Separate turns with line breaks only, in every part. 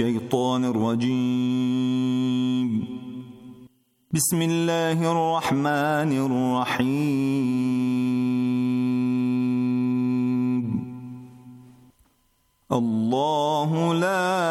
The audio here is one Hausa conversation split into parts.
الشيطان الرجيم بسم الله الرحمن الرحيم الله لا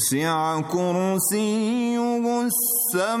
وسع كرسيه السماوات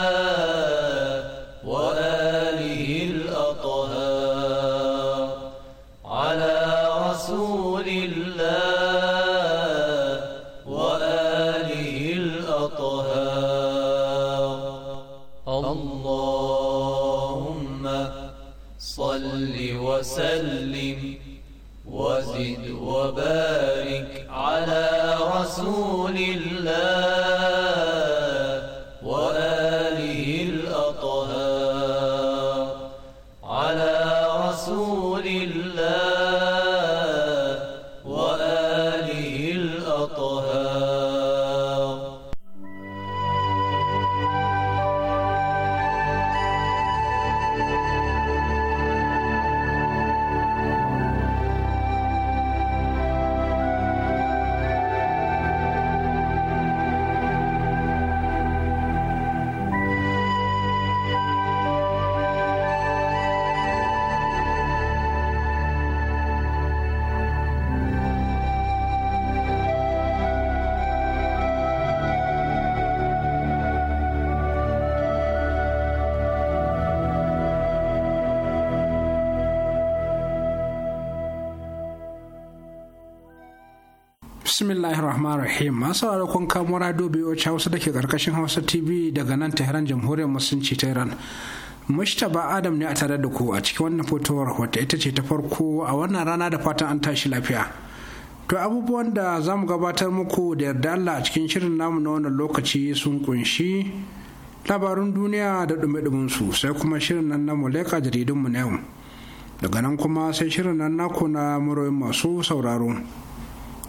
وبارك على رسول الله
masu kun kamo radio BOH Hausa da ke karkashin Hausa TV daga nan Tehran Jamhuriyar Musulunci ta Iran. Mushtaba Adam ne a tare da ku a cikin wannan fotowar wata ita ce ta farko a wannan rana da fatan an tashi lafiya. To abubuwan da za mu gabatar muku da yarda Allah a cikin shirin namu na wannan lokaci sun kunshi labarun duniya da dume su sai kuma shirin nan na muleka jaridunmu na yau. Daga nan kuma sai shirin nan naku na muroyin masu sauraro.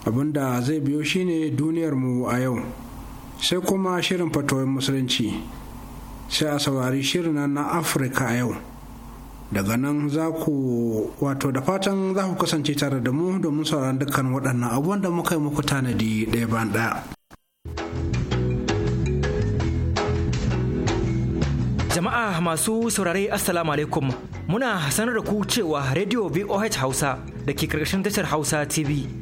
abinda zai biyo shine duniyarmu a yau sai kuma shirin fatoyin musulunci sai a saurari shirin na afirka a yau daga nan za ku wato da fatan za ku kasance tare da mu domin sauran
dukkan waɗannan abubuwan da muka yi muku tanadi ɗaya bayan ɗaya jama'a masu saurare assalamu alaikum muna sanar da ku cewa radio voh hausa da ke karkashin tashar hausa tv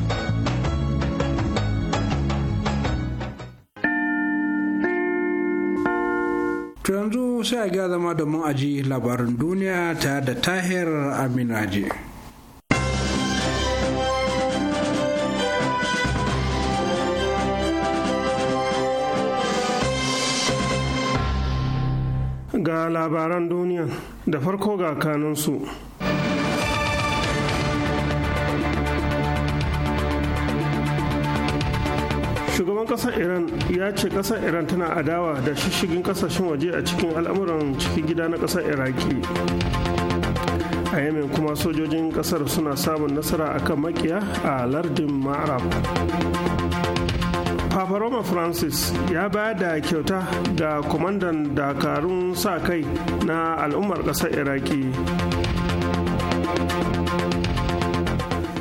yanzu sai a ga zama domin aji labarin duniya ta da tahir aminaje.
Ga labaran duniya da farko ga kanunsu. shugaban kasar iran ya ce kasar iran tana adawa da shishigin kasashen waje a cikin al'amuran cikin gida na kasar iraki a yamin kuma sojojin kasar suna samun nasara a kan makiya a lardin ma'arab Papa Roma Francis ya bayar da kyauta ga kwamandan dakarun sa kai na al'ummar ƙasar Iraki.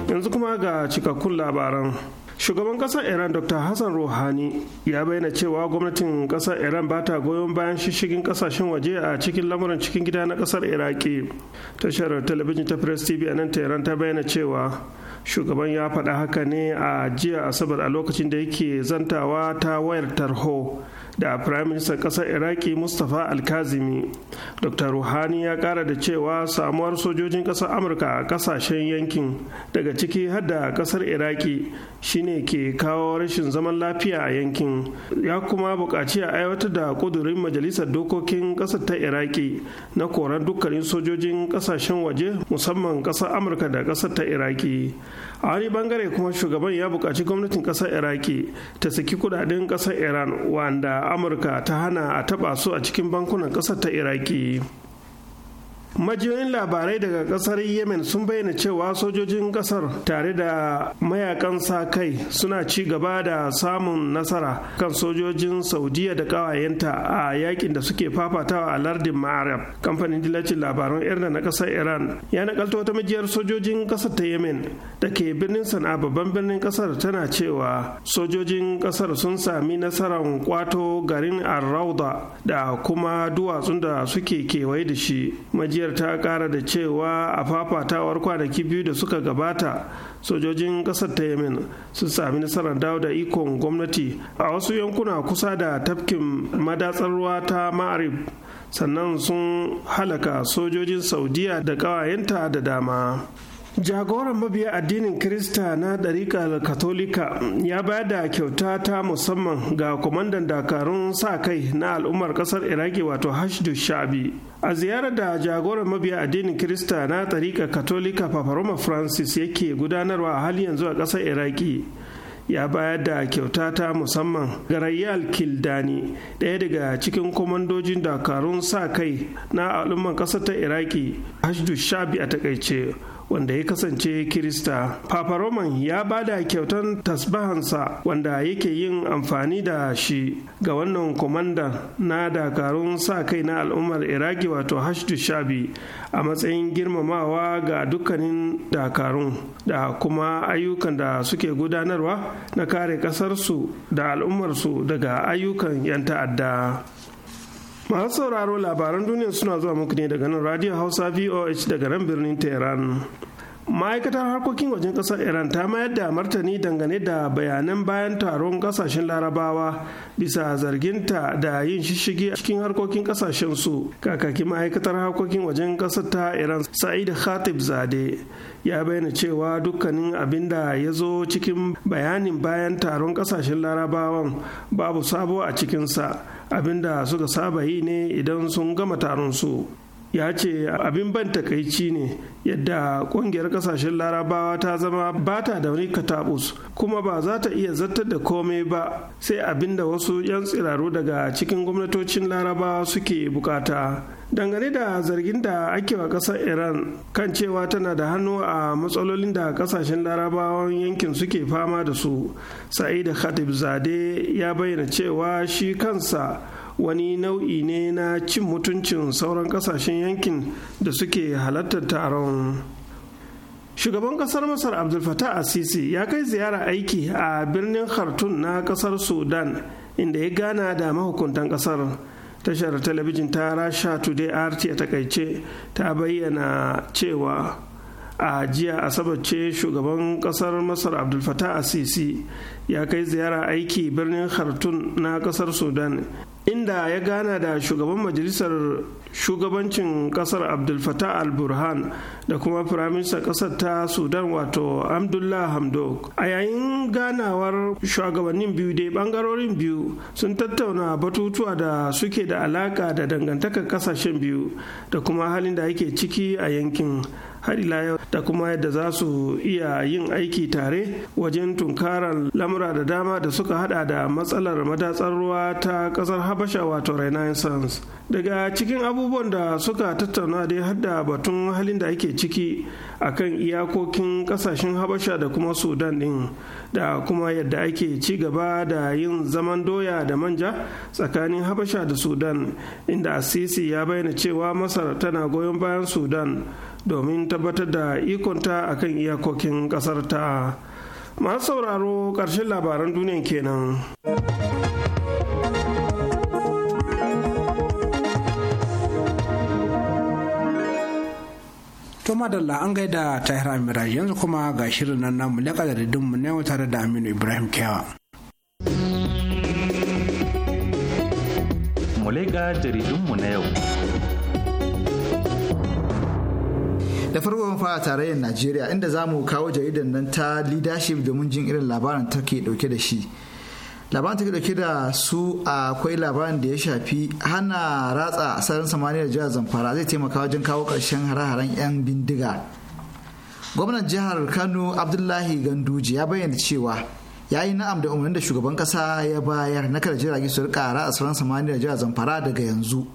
Yanzu kuma ga cikakkun labaran. shugaban kasar iran dr hassan rouhani ya bayyana cewa gwamnatin kasar iran ba ta goyon bayan shishigin kasashen waje a cikin lamuran cikin gida na kasar iraki tashar talabijin ta press tv a nan tehran ta bayyana cewa shugaban ya faɗa haka ne a jiya asabar a lokacin da yake zantawa ta wayar tarho da firaministan ƙasar iraki mustapha alkazimi dr ruhani ya ƙara da cewa samuwar sojojin ƙasar amurka a ƙasashen yankin daga ciki hadda ƙasar iraki shine ke kawo rashin zaman lafiya a yankin ya kuma buƙaci a aiwatar da ƙudurin majalisar dokokin ƙasar ta iraki na koran dukkanin sojojin ƙasashen waje musamman ƙasar amurka da ƙasar ta iraki a wani bangare kuma shugaban ya buƙaci gwamnatin ƙasar iraki ta saki kudaden ƙasar iran wanda amurka ta hana a taɓa su a cikin bankunan ƙasar ta iraki majiyoyin labarai daga kasar yemen sun bayyana cewa sojojin kasar tare da mayakan sa kai suna ci gaba da samun nasara kan sojojin saudiya da kawayenta a yakin da suke fafatawa a lardin ma'arab kamfanin dillacin labaran irna na kasar iran ya nakalto wata majiyar sojojin kasar ta yemen da ke birnin sana'a babban birnin kasar tana cewa sojojin kasar sun sami nasarar kwato garin arrauda da kuma duwatsun da suke kewaye da shi majiyar kungiyar ta kara da cewa a fafatawar kwanaki biyu da suka gabata sojojin kasar ta yemen sun sami nasarar dawo da ikon gwamnati a wasu yankuna kusa da tafkin madatsar ruwa ta ma'arib sannan sun halaka sojojin saudiya da ƙawayenta da dama jagoran mabiya addinin krista na ɗariƙar katolika ya bayar da kyauta ta musamman ga kwamandan dakarun sa kai na al'ummar ƙasar iraki wato hashdu shabi a ziyarar da jagoran mabiya addinin krista na ɗariƙar katolika paparoma francis yake gudanarwa a hali yanzu a ƙasar iraki ya bayar da kyauta ta musamman ga rayyal kildani ɗaya daga cikin komandojin dakarun sa kai na al'ummar ƙasar ta iraki hashdu shabi a takaice wanda ya kasance kirista papa roman ya da kyautan tasbahansa wanda yake yin amfani da shi ga wannan kwamandan na dakarun sa kai na al'ummar iraki wato hashdu shabi a matsayin girmamawa ga dukkanin dakarun da kuma ayyukan da suke gudanarwa na kare kasarsu da al'ummarsu daga ayyukan 'yan ta'adda masu sauraro labaran duniya suna zuwa muku ne daga nan radio hausa voh daga nan birnin tehran ma'aikatar harkokin wajen ƙasar iran ta mayar da martani dangane da bayanan bayan taron kasashen larabawa bisa zarginta da yin shishigi a cikin harkokin ƙasashen su kakakin ma'aikatar harkokin wajen ƙasar ta iran sa'id khatib zade ya bayyana cewa dukkanin abin da ya zo cikin bayanin bayan taron ƙasashen larabawan babu sabo a cikinsa abin da suka saba yi ne idan sun gama taron su ya ce abin ban takaici ne yadda kungiyar kasashen larabawa ta zama ba ta da wani katabus kuma ba za ta iya zartar da komai ba sai abin da wasu 'yan tsiraru daga cikin gwamnatocin larabawa suke bukata dangane da zargin da ake wa kasar iran kan cewa tana da hannu a matsalolin da kasashen larabawan yankin suke fama da su sa'id khatib zade ya bayyana cewa shi kansa wani nau'i ne na cin mutuncin sauran kasashen yankin da suke halartar taron shugaban kasar masar abdul asisi ya kai ziyara aiki a birnin khartoum na kasar sudan inda ya gana da mahukuntan kasar tashar talabijin ta rasha today rt a takaice ta bayyana cewa a jiya asabar ce shugaban kasar masar abdul asisi ya kai ziyara aiki birnin khartoum na kasar sudan inda ya gana da shugaban majalisar shugabancin kasar abdul fatah al-burhan da kuma firaministan kasar ta sudan wato Abdullah hamdok a yayin ganawar shugabannin biyu dai bangarorin biyu sun tattauna batutuwa da suke da alaka da dangantakar kasashen biyu da kuma halin da ake ciki a yankin har ila yau da kuma yadda za su iya yin aiki tare wajen tunkarar lamura da dama da suka hada da matsalar madatsar ruwa ta kasar habasha wato renaissance daga cikin abubuwan da suka tattauna dai har da batun halin da ake ciki a kan iyakokin kasashen habasha da kuma sudan din da kuma yadda ake ci gaba da yin zaman doya da manja tsakanin habasha da sudan inda asisi ya bayyana cewa masar tana goyon bayan sudan domin tabbatar da ikonta a kan iyakokin ƙasar ta masu sauraro ƙarshen labaran duniyan kenan
to madalla an gaida hira mira yanzu kuma ga shirin nan namu na mu na yau tare da aminu ibrahim kyawa
mulega jaridunmu na yau da farko mun fara tarayyar najeriya inda za mu kawo jaridar nan ta leadership domin jin irin labarin ta ke dauke da shi labarin ta ke dauke da su akwai labarin da ya shafi hana ratsa sararin samaniya jihar zamfara zai taimaka wajen kawo karshen hare-haren 'yan bindiga gwamnan jihar kano abdullahi ganduji ya bayyana cewa ya yi na'am da umarnin da shugaban kasa ya bayar na kada jirage su rika ratsa sararin samaniya jihar zamfara daga yanzu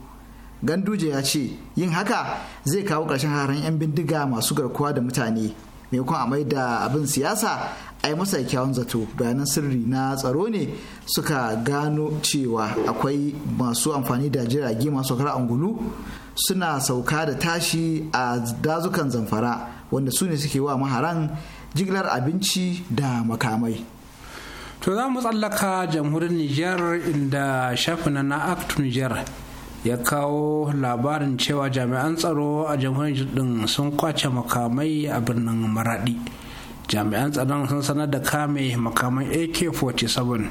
ganduje ya ce yin haka zai kawo ƙarshen haran 'yan bindiga masu garkuwa da mutane maimakon a mai da abin siyasa a yi masa kyawun zato bayanan sirri na tsaro ne suka gano cewa akwai masu amfani da jirage masu kara angulu suna sauka da tashi a dazukan zamfara wanda su ne suke wa maharan jigilar abinci da makamai to za
mu tsallaka jamhuriyar niger inda shafin na act niger ya kawo labarin cewa jami'an tsaro a jamhuriyar din sun kwace makamai a birnin maradi jami'an tsaron sun sanar da kame makaman ak-47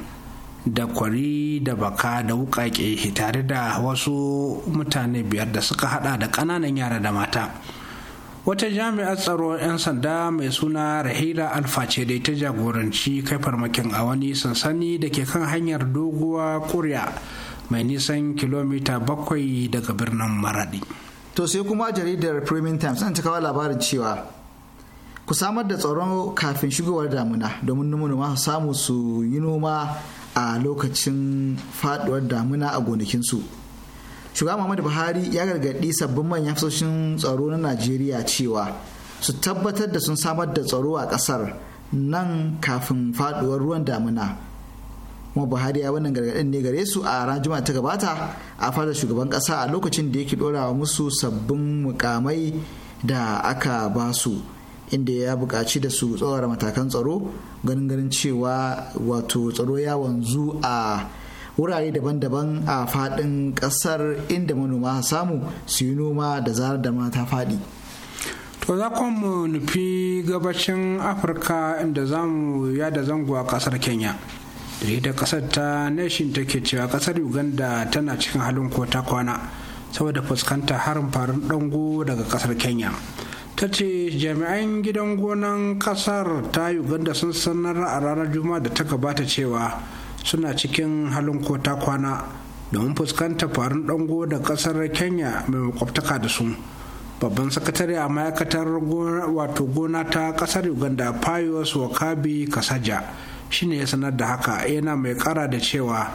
da kwari da baka da wukake tare da wasu mutane biyar da suka hada da kananan yara da mata wata jami'ar tsaro 'yan sanda mai suna rahila alfa ce da ta jagoranci kai farmakin a wani sansani da ke kan hanyar doguwa kuriya mai nisan kilomita bakwai
daga birnin maradi to sai kuma jaridar premium times an kawo labarin cewa ku samar da tsaron kafin shigowar damuna domin manoma su samu su yi noma a lokacin faduwar damuna a gonakinsu shugaba muhammadu buhari ya gargaɗi sabbin manyan fasoshin tsaro na najeriya cewa su tabbatar da sun samar da tsaro a ƙasar nan kafin faduwar ruwan damuna kuma buhari ya wannan gargaɗin ne gare su a ran juma'a ta gabata a fada shugaban ƙasa a lokacin da yake ɗorawa musu sabbin mukamai da aka ba su inda ya buƙaci da su tsawara matakan tsaro ganin ganin cewa wato tsaro ya wanzu a wurare daban-daban a faɗin ƙasar inda manoma samu su yi noma da zarar da mata faɗi to za mu
nufi gabashin afirka inda za mu yada zango a ƙasar kenya da ƙasar kasar ta nation take cewa kasar uganda tana cikin halin kota kwana saboda fuskanta harin farin dango daga kasar kenya ta ce jami'an gidan gonan kasar ta uganda sun sanar a ranar juma'a da ta gabata cewa suna cikin halin kota kwana domin fuskanta farin dango da kasar kenya mai makwabtaka da su babban sakatare a ma'aikatar wato gona ta kasar uganda payos wakabi kasaja shine ya sanar da haka yana mai kara da cewa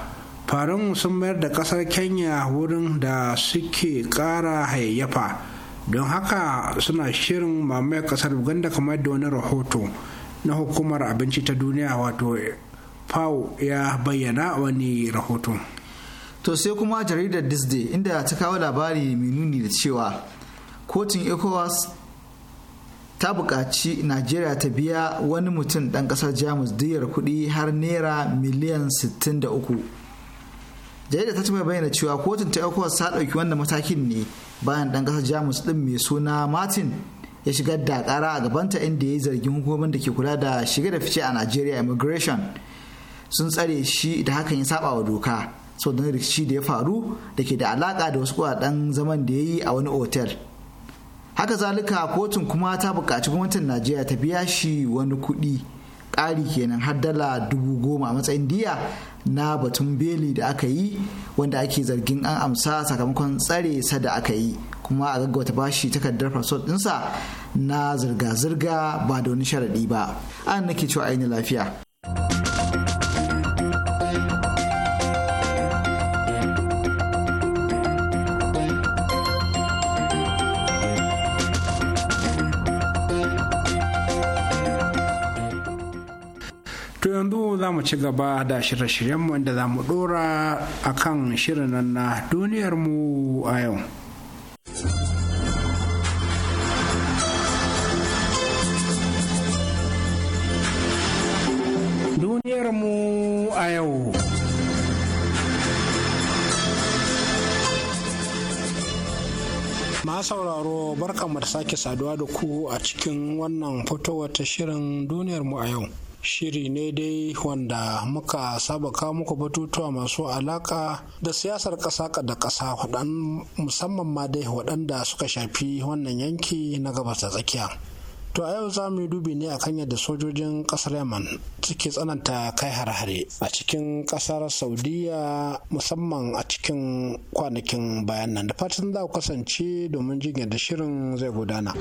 farin sun mayar da kasar kenya wurin da suke kara hayayyafa don haka suna shirin mamayar kasar uganda kamar da wani rahoto na hukumar abinci ta duniya wato fao
ya bayyana wani rahoto to sai kuma jaridar disney inda ta kawo labari mai nuni da cewa kotun ecowas ta buƙaci najeriya ta biya wani mutum ɗan ƙasar jamus diyar kuɗi har naira miliyan 63 jarida ta taɓa bayyana cewa kotun ta ecowas ta ɗauki wannan matakin ne bayan ɗan ƙasar jamus ɗin mai suna martin ya shigar da ƙara a gabanta inda ya yi zargin hukumomin da ke kula da shiga da fice a najeriya immigration sun tsare shi da hakan ya saba wa doka saboda rikici da ya faru da ke da alaƙa da wasu ɗan zaman da ya yi a wani otel haka zalika kotun kuma ta buƙaci gwamnatin najeriya ta biya shi wani kuɗi ƙari kenan har dala dubu goma a matsayin diya na batun beli da aka yi wanda ake zargin an amsa sakamakon tsare sa da aka yi kuma a gaggauta bashi takardar faso ɗinsa na zirga-zirga ba da wani sharaɗi ba an nake cewa ainihin lafiya
yanzu za mu ci gaba da shirye-shiryenmu inda za mu dora a kan shirin na duniyarmu a yau. Duniyarmu a yau. Ma sauraro barkanmu da sake saduwa da ku a cikin wannan fitowar ta shirin duniyarmu a yau. shiri ne dai wanda muka saba kawo muku batutuwa masu alaka da siyasar ƙasa da ƙasa musamman ma dai waɗanda suka shafi wannan yanki na gabas da tsakiya to a yau za mu yi dubi ne akan yadda sojojin ƙasar yaman suke tsananta kai har-hare a cikin ƙasar saudiya musamman a cikin kwanakin bayan nan da fatan za ku kasance domin jin yadda shirin zai gudana.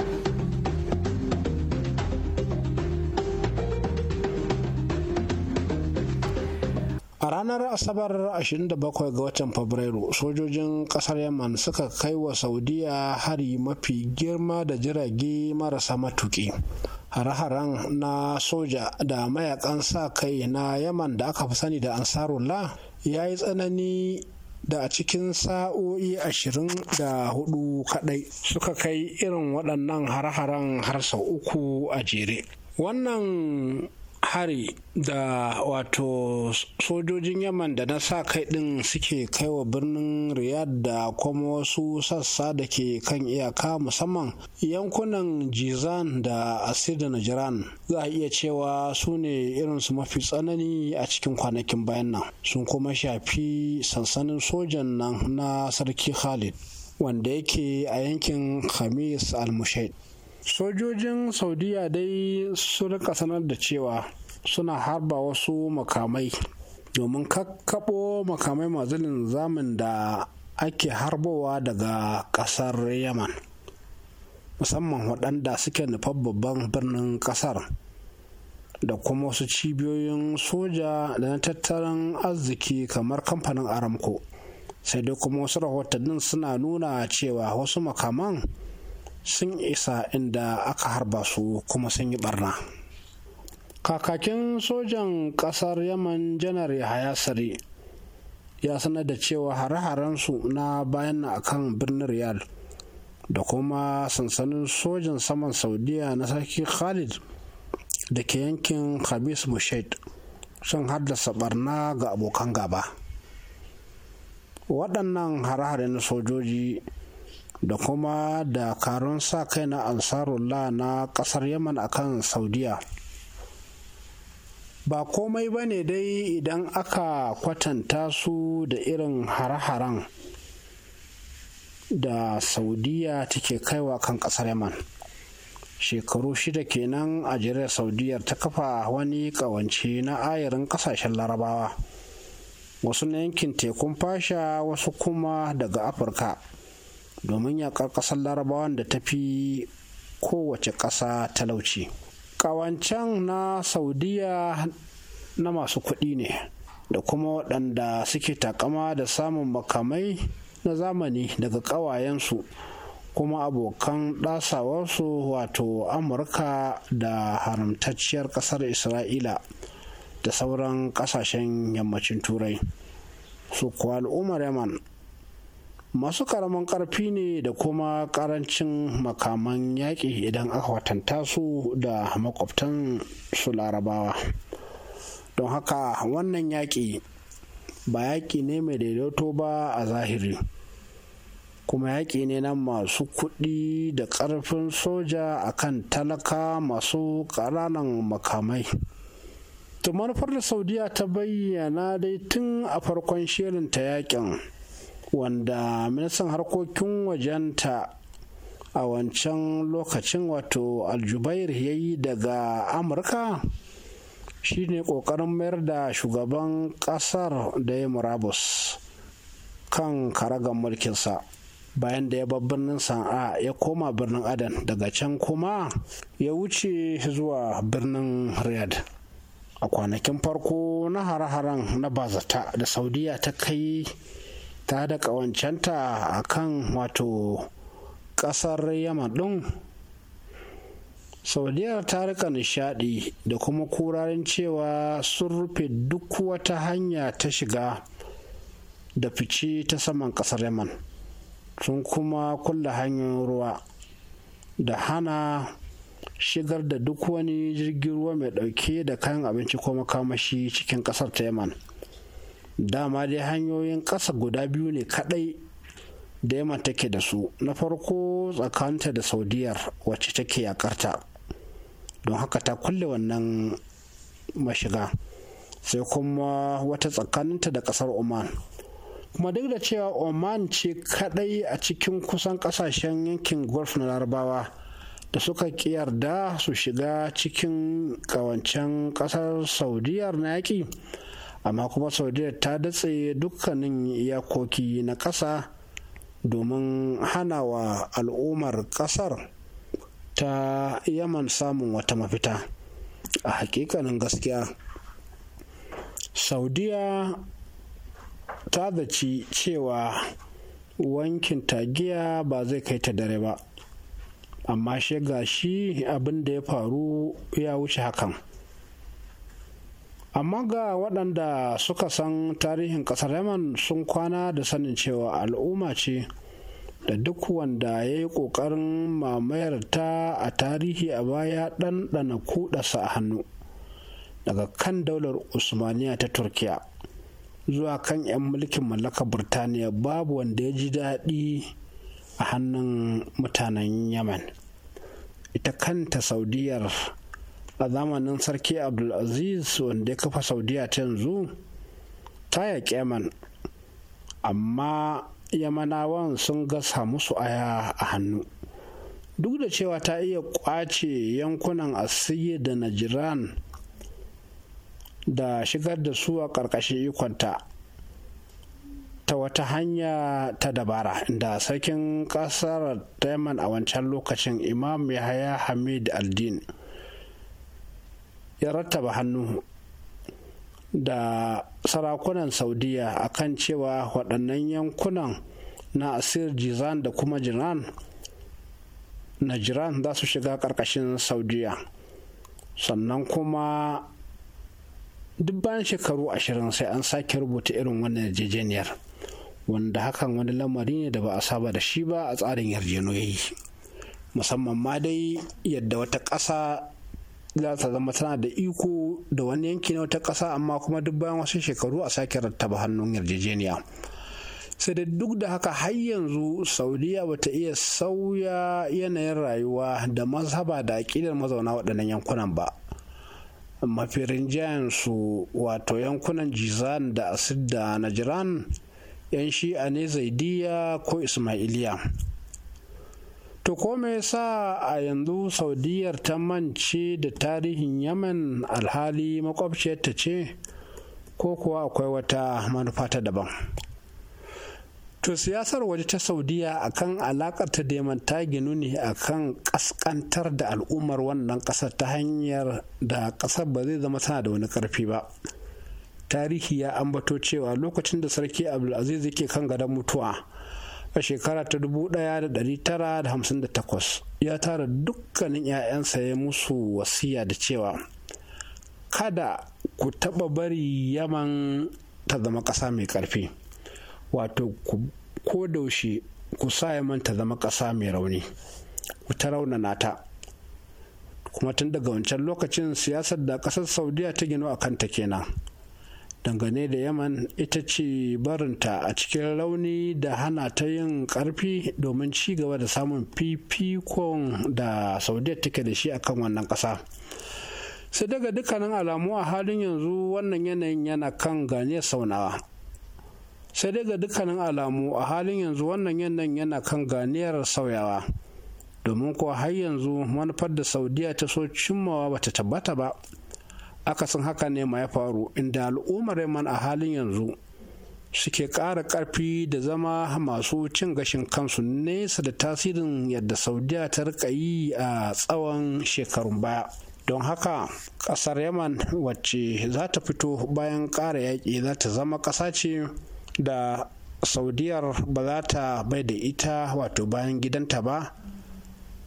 ranar asabar 27 ga watan fabrairu sojojin kasar yaman suka kai wa saudiya hari mafi girma da jirage marasa matuki hare-haren na soja da mayakan sa kai na yaman da aka fi sani da ansarullah ya yi tsanani da a cikin sa'o'i ashirin da hudu kadai suka kai irin waɗannan har-haren har sau uku a jere wannan hari da wato sojojin yaman da na sa kai din suke kaiwa birnin Riyad da kuma wasu sassa da ke kan iyaka musamman yankunan jizan da asir da najiran za a iya cewa su ne irinsu mafi tsanani a cikin kwanakin bayan nan sun kuma shafi sansanin sojan nan na sarki khalid wanda yake a yankin khamis al-mushaid sojojin saudiya dai sun rika sanar da cewa suna harba wasu makamai domin kakkaɓo makamai masu linzamin da ake harbowa daga ƙasar yaman musamman waɗanda suke nufar babban birnin ƙasar da kuma wasu cibiyoyin soja da na tattalin arziki kamar kamfanin aramco sai dai kuma wasu rahotannin suna nuna cewa wasu makaman sun isa inda aka harba su kuma sun yi barna kakakin sojan ƙasar yaman janar yahaya sare ya sanar da cewa hare-harensu na bayan akan birnin riyal da kuma sansanin sojan saman saudiya na sarki khalid da ke yankin khamis mushaid sun haddasa barna ga abokan gaba waɗannan hare-hare na sojoji da kuma dakarun sa kai na ansarullah na kasar yaman akan saudiya ba komai ba ne dai idan aka kwatanta su da irin hare-haren da saudiya take kaiwa kan kasar yaman shekaru shida kenan a jirar saudiyar ta kafa wani kawance na ayarin kasashen larabawa wasu na yankin tekun fasha wasu kuma daga afirka domin yakar ƙasar larabawan da ta fi kowace ƙasa talauci ƙawancen na saudiya na masu kuɗi ne da kuma waɗanda suke takama da samun makamai na zamani daga ƙawayensu kuma abokan ɗasawarsu wato amurka da haramtacciyar ƙasar isra'ila da sauran ƙasashen yammacin turai su kuwa al'ummar yaman masu karamin ƙarfi ne da kuma ƙarancin makaman yaƙi idan aka watanta su da makwabtan su larabawa don haka wannan yaƙi ba yaƙi ne mai daidaito ba a zahiri kuma yaƙi ne na masu kuɗi da ƙarfin soja a kan talaka masu ƙananan makamai manufar da saudiya ta bayyana dai tun a farkon shirin ta yaƙin wanda ministan harkokin wajenta a wancan lokacin wato aljubair ya yi daga amurka shine kokarin mayar da shugaban kasar da ya murabus kan karagan mulkinsa bayan da ya bar birnin sana'a ya koma birnin adan daga can kuma ya wuce zuwa birnin Riyad, a kwanakin farko na hare-haren na bazata da saudiya ta kai ta da ƙawancenta a kan wato ƙasar yaman ɗin saudiyar ta rika nishadi da kuma kurarin cewa sun rufe duk wata hanya ta shiga da fice ta saman ƙasar yaman sun kuma kulle hanyar ruwa da hana shigar da duk wani jirgin ruwa mai dauke da kayan abinci ko makamashi cikin ƙasar ta yaman dama dai hanyoyin ƙasa guda biyu ne kaɗai da yamma take da su na farko tsakanta da saudiyar wacce take yakarta don haka ta kulle wannan mashiga sai kuma wata tsakaninta da ƙasar oman kuma duk da cewa oman ce kaɗai a cikin kusan ƙasashen yankin golf na larabawa da suka yarda su shiga cikin ƙawancen ƙasar saudiyar na yaƙi amma kuma saudiya ta datse dukkanin iyakoki na ƙasa domin hana wa al'ummar ƙasar ta yaman samun wata mafita a hakikanin gaskiya saudiya ta zaci cewa wankin tagiya ba zai kai ta dare ba amma shiga shi abin da ya faru ya wuce hakan amma ga waɗanda suka san tarihin ƙasar yaman sun kwana da sanin cewa al'umma ce da duk wanda ya yi ƙoƙarin mamayar ta a tarihi a baya ɗanɗana kuɗasa a hannu daga kan daular usmaniya ta turkiya zuwa kan 'yan mulkin mallakar burtaniya babu wanda ya ji daɗi a hannun mutanen yaman ita kanta saudiyar a zamanin sarki abdulaziz wanda ya kafa saudiya ta yanzu ta yaƙi yaman amma yamanawan sun gasa musu aya a hannu duk da cewa ta iya ƙwace yankunan asiri da najiran da shigar da su a ƙarƙashin ikonta ta wata hanya ta dabara da sarkin ƙasar yaman a wancan lokacin imam yahaya hamid aldin ya rattaba hannu da sarakunan saudiya a kan cewa waɗannan yankunan na asir jizan da kuma jiran na jiran za su shiga ƙarƙashin saudiya sannan kuma duk bayan shekaru ashirin sai an sake rubuta irin wannan yarjejeniyar wanda hakan wani lamari ne da ba a saba da shi ba a tsarin yarjejeniyoyi musamman ma dai yadda wata ƙasa za ta zama tana da iko da wani yanki na wata ƙasa amma kuma duk bayan wasu shekaru a sake rattaba hannun yarjejeniya sai da duk da haka har yanzu saudiya bata iya sauya yanayin rayuwa da mazhaba da aƙidar mazauna waɗannan yankunan ba mafirin su wato yankunan jizan da asid da najiran yan shi'a ne zaidiya ko ismailiya To ko me yasa a yanzu Saudiyar ta mance da tarihin Yemen alhali ta ce ko kuwa akwai wata manufa ta daban. To siyasar waje ta Saudiyya akan alakar ta Yemen ta ginu ne akan kaskantar da al'ummar wannan kasar ta hanyar da kasar ba zai zama tana da wani karfi ba. Tarihi ya ambato cewa lokacin da sarki Abdulaziz yake kan gadon mutuwa. a shekara ta 1958 ya tara dukkanin 'ya'yansa ya musu wasiya da cewa kada ku taɓa bari yaman ta zama ƙasa mai ƙarfi wato ko daushe ku sa yaman ta zama ƙasa mai rauni ku ta raunana ta kuma tun daga wancan lokacin siyasar da ƙasar saudiya ta gino a kanta kenan dangane da yaman ita ce barinta a cikin rauni da hana ta yin karfi domin ci gaba da samun fifikon da saudiya take da shi akan wannan ƙasa sai daga dukkanin alamu a halin yanzu wannan yanayin yana kan gane saunawa sai daga dukkanin alamu a halin yanzu wannan yanayin yana kan ganiyar sauyawa domin kuwa har yanzu manufar da saudiya ta so cimmawa bata tabbata ba akasin haka ne ma ya faru inda al'ummar yaman a halin yanzu suke ƙara ƙarfi da zama masu cin gashin kansu nesa da tasirin yadda saudiya ta rika yi a tsawon shekarun baya don haka ƙasar yaman wacce za ta fito bayan ƙara yaƙi za ta zama ƙasa ce da saudiyar ba za ta bai da ita wato bayan gidanta ba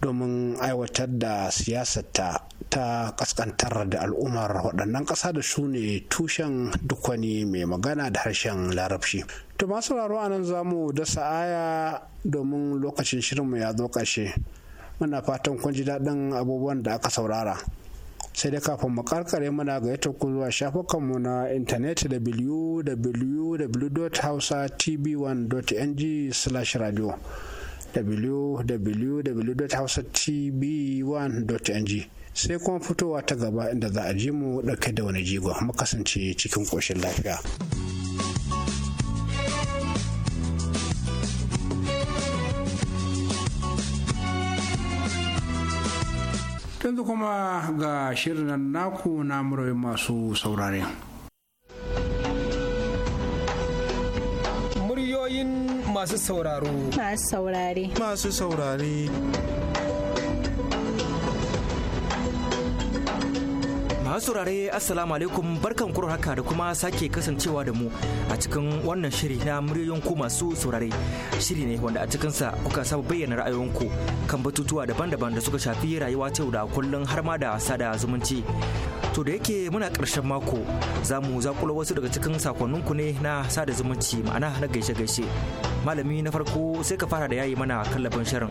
domin aiwatar da siyasarta ta kaskantar da al'ummar waɗannan ƙasa da su ne tushen duk wani mai magana da harshen larabci to masu raro a nan zamu dasa aya domin lokacin shirinmu ya zo ƙarshe muna fatan kun ji daɗin abubuwan da aka saurara sai dai kafin mu karkare muna gayyata ku zuwa shafukanmu na intanet www.hausatv1.ng/radio www.hausatv1.ng sai kuma fitowa ta gaba inda za a ji mu ɗauke da wani jigo; mu kasance cikin ƙoshin lafiya. yanzu kuma ga shirin naku na murai masu saurare. masu sauraro
masu saurare
masu saurare saurare assalamu alaikum barkan kuro haka da kuma sake kasancewa da mu a cikin wannan shiri na muryoyin ku masu saurare shiri ne wanda a cikinsa kuka saba bayyana ra'ayoyinku kan batutuwa daban-daban da suka shafi rayuwa ta da kullum har ma da sada zumunci to da yake muna karshen mako za mu zakulo wasu daga cikin sakonninku ne na sada zumunci ma'ana na gaishe-gaishe malami na farko sai ka fara da yayi mana kallafin shirin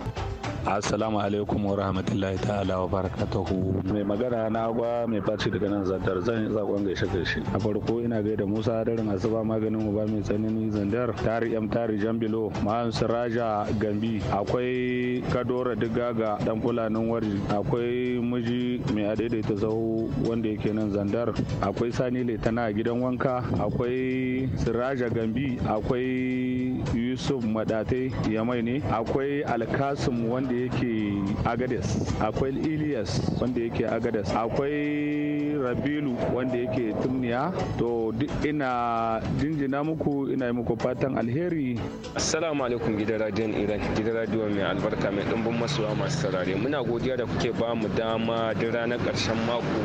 assalamu alaikum wa rahmatullahi ta'ala wa barakatuhu mai magana na agwa mai faci daga nan zantar zan yi zakon gaishe gaishe a farko ina gaida musa darin asuba maganin uba mai tsanani zandar tari yam tari jan bilo ma'an siraja gambi akwai kadora digaga dan fulanin wari, akwai miji mai adaidaita zahu wanda yake nan zandar akwai sani laitana a gidan wanka akwai siraja gambi akwai yusuf madatai yamai ne akwai alkasim wanda wanda yake agades akwai ilias wanda yake agades akwai rabilu wanda yake tumniya to ina jinjina muku ina yi muku fatan alheri assalamu alaikum gidan radiyon iran gidan radiyo mai albarka mai dimbin masuwa masu sarari muna godiya da kuke ba mu dama duk ranar karshen mako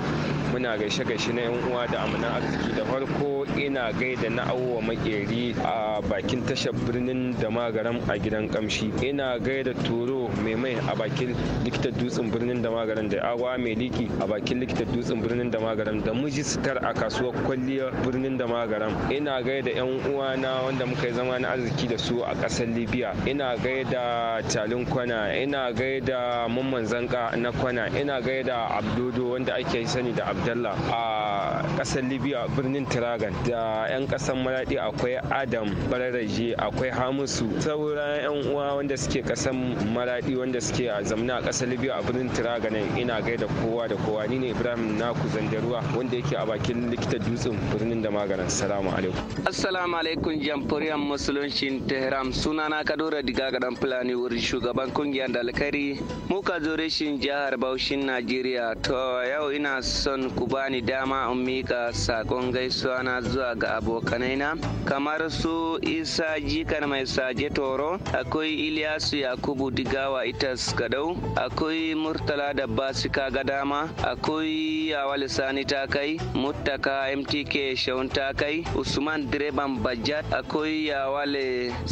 muna gaishe gaishe na yan uwa da amanan arziki da farko ina gaida na awwa makeri a bakin tashar birnin da magaram a gidan kamshi ina gaida toro mai mai a bakin likitar dutsen birnin da magaram da awa mai liki a bakin likitar dutsen birnin da magaram da mujistar a kasuwar kwalliya birnin da magaram ina gaida yan uwana wanda muka yi zama na arziki da su a ƙasar libya ina gaida talin kwana ina gaida mamman zanka na kwana ina gaida abdodo wanda ake sani da abdallah a ƙasar libya birnin tiragan da yan ƙasar maraɗi akwai adam bararraje akwai hamusu sauran yan uwa wanda suke ƙasar maraɗi wanda suke a zamna a ƙasar libya a birnin tiragan ina gaida kowa da kowa ni ne ibrahim naku kuzan da ruwa wanda yake a bakin likita dutsen birnin da maganin salamu alaikum
assalamu alaikum jamhuriyar musuluncin tehran sunana kadura diga gadan fulani wurin shugaban kungiyar dalkari muka zo reshin jihar baushin najeriya to yau ina son ku bani dama in mika sakon gaisuwa na zuwa ga abokanai na kamar su isa jikan mai saje toro akwai iliyasu yakubu digawa itas gadau akwai murtala da basika ga dama, akwai yawalisa sani ta kai muttaka mtk shaun ta kai usman direban bajjat akwai yawale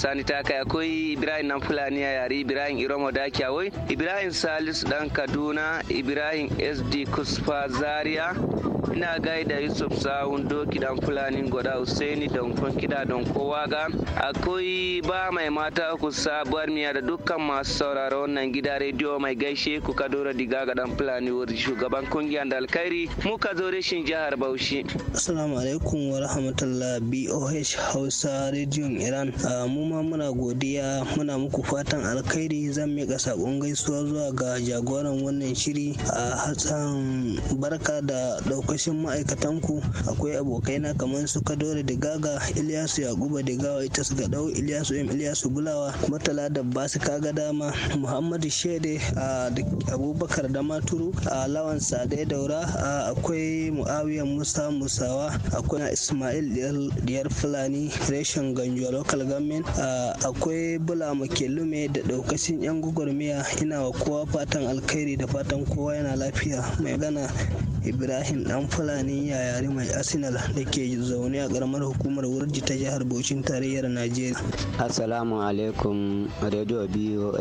sani ta kai akwai ibrahim nan fulani a yari ibrahim iromo da ibrahim salisu dan kaduna ibrahim sd kusfa zaria ina gaida yusuf sawun doki dan fulani gwada husaini donkon kida don kowa ga akwai ba mai mata ku sabuwar miya da dukkan masu sauraro wannan gida rediyo mai gaishe ku kadora diga ga dan fulani wuri shugaban kungiyar da alkhairi ka zo rashin jihar bauchi assalamu alaikum wa rahmatullah boh hausa rediyon iran mu ma muna godiya muna muku fatan alkhairi zan miƙa saƙon gaisuwa zuwa ga jagoran wannan shiri a hatsan barka da ɗaukar ƙarƙashin ma'aikatan ku akwai na kamar su kadore digaga ilyasu yakuba digawa ita su gadau ilyasu m ilyasu Bulawa murtala dabba su ga dama muhammadu shede a abubakar damaturu a lawan sade daura akwai muawiya musa musawa akwai na ismail diyar fulani reshen ganjo local government akwai bula lume da ɗaukacin yan gwagwarmaya ina wa kowa fatan alkhairi da fatan kowa yana lafiya mai gana ibrahim dan dan fulani yayari mai arsenal da ke zaune a karamar hukumar
wurji ta jihar bauchin tarayyar najeriya assalamu alaikum radio boh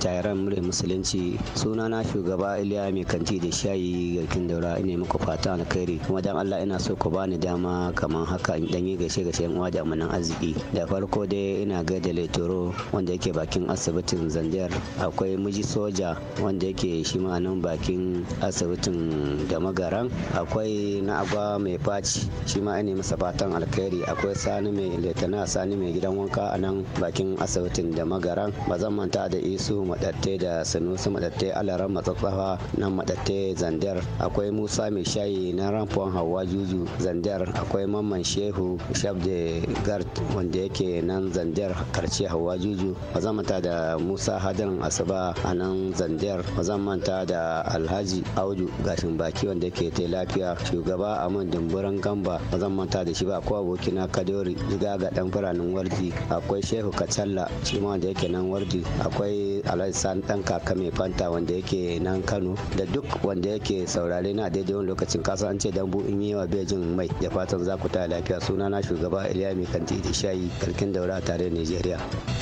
tayaran mure musulunci suna na shugaba iliya mai kanti da shayi garkin daura ina muku fata alkhairi kuma dan allah ina so ku bani dama kamar haka in danyi gashe gashe yan uwa da amanan arziki da farko dai ina da letoro wanda yake bakin asibitin zandiyar akwai miji soja wanda yake shi ma nan bakin asibitin da magaran akwai na agwa mai faci shi ma ne masa fatan alkhairi akwai sani mai letana sani mai gidan wanka a nan bakin asibitin da magaran ba zan manta da isu madatte da sanusi madatte alaran matsatsafa nan madatte zandar akwai musa mai shayi na ramfon hawa juju zandar akwai mamman shehu de gart wanda yake nan zandar karce hawa juju ba zan manta da musa hadarin asuba a nan zandar ba zan manta da alhaji audu gashin baki wanda yake telafi tafiya shugaba man dumburan gamba ba zan manta da shi ba akwai abokina kadori ziga ga dan firanin wardi akwai shehu katsalla shi ma wanda yake nan wardi akwai alhaji san dan kaka mai fanta wanda yake nan kano da duk wanda yake saurare na daidai wani lokacin kasa an ce bu in yi wa bejin mai da fatan za ku ta lafiya suna na shugaba iliya mai kanti da shayi karkin daura tare nigeria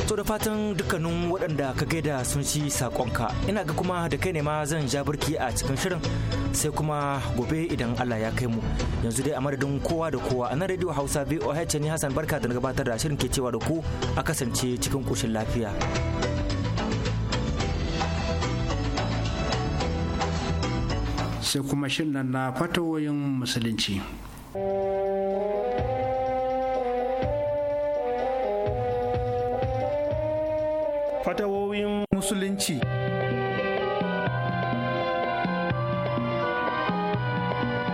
to da fatan dukkanin waɗanda ka gaida sun ci sakonka ina ga kuma da kai ne ma zan ja birki a cikin shirin sai kuma gobe idan idan Allah ya kai mu yanzu dai a madadin kowa da kowa a nan radio Hausa VOH ne Hassan barka da gabatar da shirin ke cewa da ku a kasance cikin koshin lafiya.
sai kuma shirin na fatawoyin musulunci.
Fatawoyin musulunci.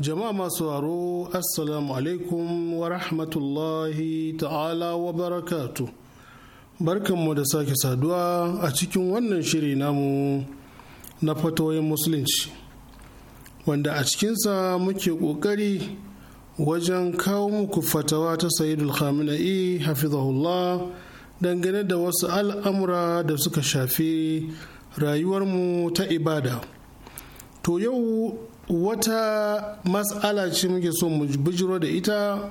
jama'a masu haro assalamu alaikum wa rahmatullahi ta'ala wa barakatu barkanmu da sake saduwa a cikin wannan shiri namu na fatoyin musulunci wanda a cikinsa muke ƙoƙari wajen kawo muku fatawa ta sayidul khamenei hafizahullah dangane da wasu al'amura da suka shafi rayuwarmu ta ibada to yau wata mas'ala ce muke so mu bijiro da ita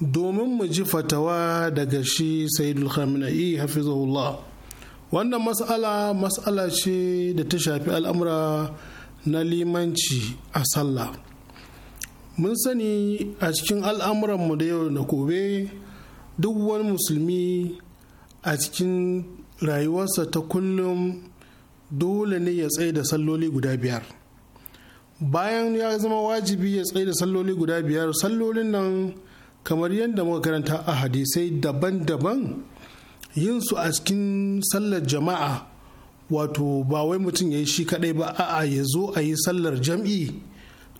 domin mu ji fatawa daga shi sayyidul khamenei hafizahullah wannan mas'ala mas'ala ce da ta shafi al'amura na limanci a sallah mun sani a cikin al'amuranmu da yau na gobe duk wani musulmi a cikin rayuwarsa ta kullum dole ne ya tsaye da salloli guda biyar bayan ya zama wajibi ya tsaye da salloli guda biyar sallolin nan kamar yadda muka karanta a hadisai daban-daban yin su a cikin sallar jama'a wato ba wai mutum ya yi shi kadai ba a'a ya zo a yi sallar jam'i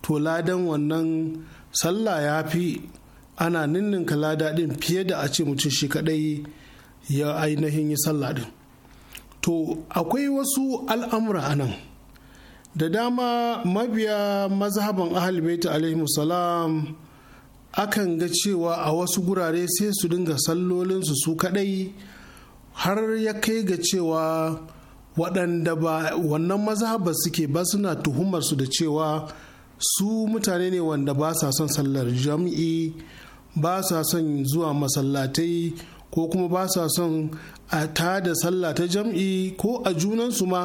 to ladan wannan sallah ya fi ana ninninka lada din fiye da a ce mutum shi kadai ya ainihin yi sallah din to akwai wasu al'amura a nan da dama mabiya mazhaban ahalibaita alaihi salam akan ga cewa a wasu gurare sai su dinga sallolinsu su kadai har ya kai ga cewa waɗanda ba wannan mazhabar suke ba suna tuhumar su da cewa su mutane ne wanda ba sa son sallar jam'i ba sa son zuwa masallatai ko kuma ba sa son a tada sallah ta jam'i ko a junansu ma